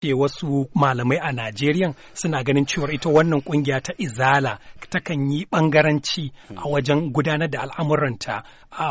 ke wasu malamai a Najeriya suna ganin cewar ita wannan kungiya ta izala takan yi ɓangaranci a wajen gudanar da al'amuranta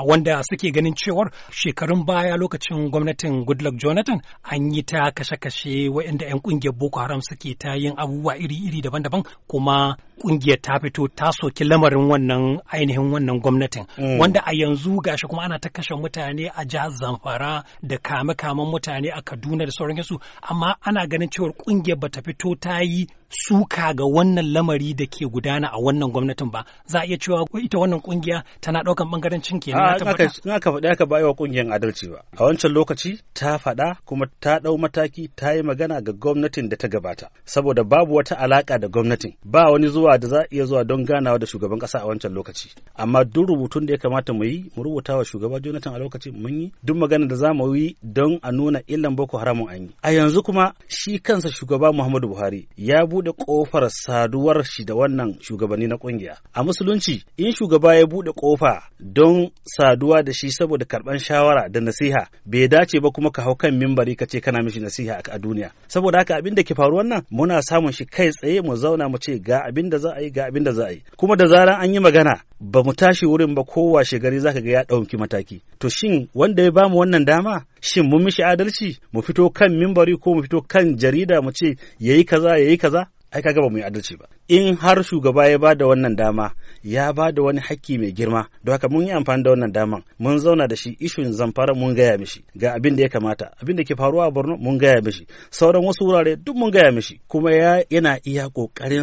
wanda suke ganin cewar shekarun baya lokacin gwamnatin Goodluck Jonathan an yi ta kashe-kashe waɗanda 'yan kungiyar Boko Haram suke ta yin abubuwa iri-iri daban-daban kuma kungiyar ta fito ta soki lamarin wannan ainihin wannan gwamnatin mm. wanda a yanzu gashi kuma ana ta kashe mutane a jihar Zamfara da kame-kamen mutane a Kaduna da sauran su amma ana ganin cewar kungiyar bata fito ta yi suka ga wannan lamari da ke gudana a wannan gwamnatin ba za a iya cewa ita wannan kungiya tana daukan bangarancin kenan ta in aka faɗa aka wa kungiyar adalci ba a wancan lokaci ta faɗa kuma ta dau mataki ta yi magana ga gwamnatin da ta gabata saboda babu wata alaka da gwamnatin ba wani zuwa da za a iya zuwa don ganawa da shugaban kasa a wancan lokaci amma duk rubutun da ya kamata mu yi mu rubuta wa shugaba Jonathan a lokacin mun yi duk magana da za mu yi don a nuna illan Boko haramun an yi a yanzu kuma shi kansa shugaba Muhammadu Buhari ya bu buɗe ƙofar saduwar shi da wannan shugabanni na ƙungiya. A musulunci, in shugaba ya buɗe ƙofa don saduwa da shi saboda karɓar shawara da nasiha, bai dace ba kuma ka hau kan mimbari ka ce kana mishi nasiha a duniya. Saboda haka abin da ke faru wannan muna samun shi kai tsaye mu zauna mu ce ga abin da za a yi ga abin da za a yi. Kuma da zaran an yi magana ba mu tashi wurin ba ko washe gari zaka ga ya ɗauki mataki. To shin wanda ya bamu wannan dama shin mun mishi adalci mu fito kan mimbari ko mu fito kan jarida mu ce yayi kaza yayi kaza ai kaga ba mu yi adalci ba in har shugaba ya ba da wannan dama ya ba da wani hakki mai girma don haka mun yi amfani da wannan daman mun zauna da shi ishun zamfara mun gaya mishi ga abin da ya kamata abin da ke faruwa a borno mun gaya mishi sauran wasu wurare duk mun gaya mishi kuma ya yana iya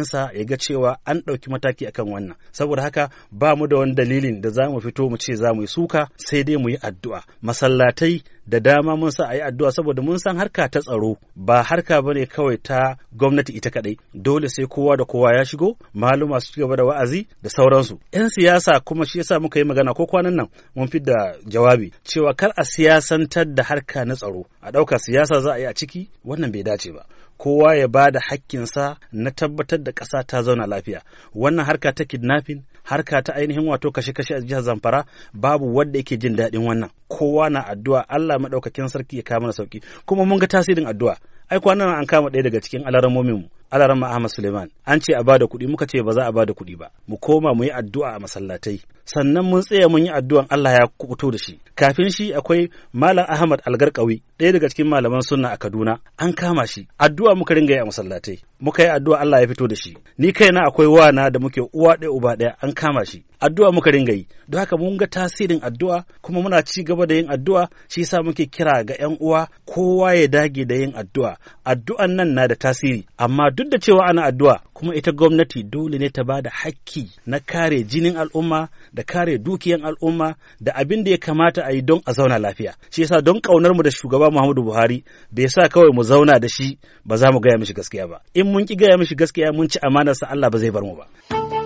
sa ya ga cewa an ɗauki mataki akan wannan saboda haka ba mu da wani dalilin da za mu fito mu ce za mu yi suka sai dai mu yi addu'a masallatai da dama mun sa a yi addu'a saboda mun san harka ta tsaro ba harka bane kawai ta gwamnati ita kadai dole sai kowa da kowa ya shigo masu ci gaba da wa'azi da sauransu yan siyasa kuma shi yasa muka yi magana ko kwanan nan mun da jawabi cewa kar a siyasantar da harka na tsaro a ɗauka siyasa za a yi a ciki wannan bai dace ba kowa ya ba da hakkinsa na tabbatar da ƙasa ta zauna lafiya wannan harka ta kidnapping harka ta ainihin wato kashe-kashe a jihar zamfara babu wanda yake jin daɗin wannan kowa na addu'a allah maɗaukakin sarki ya kama na sauki kuma mun ga tasirin addu'a ai kwanan an kama ɗaya daga cikin alaramomin mu alarama Ahmad Suleiman an ce a bada kuɗi muka ce ba za a bada kuɗi ba mu koma mu yi addu'a a masallatai sannan mun tsaya mun yi addu'an Allah ya kubuto da shi kafin shi akwai Malam Ahmad Algarkawi ɗaya daga cikin malaman sunna a Kaduna an kama shi addu'a muka ringa yi a masallatai muka yi addu'a Allah ya fito da shi ni kaina akwai wana da muke uwa ɗaya uba ɗaya an kama shi addu'a muka ringa yi don haka mun ga tasirin addu'a kuma muna ci gaba da yin addu'a shi yasa muke kira ga ƴan uwa kowa ya dage da yin addu'a addu'an nan na da tasiri amma duk da cewa ana addu'a kuma ita gwamnati dole ne ta ba da hakki na kare jinin al'umma da kare dukiyan al'umma da abin da ya kamata a yi don a zauna lafiya shi yasa don kaunar mu da shugaba Muhammadu Buhari da yasa kawai mu zauna da shi ba za mu gaya mishi gaskiya ba in mun ki gaya mishi gaskiya mun ci amanar sa Allah ba zai bar mu ba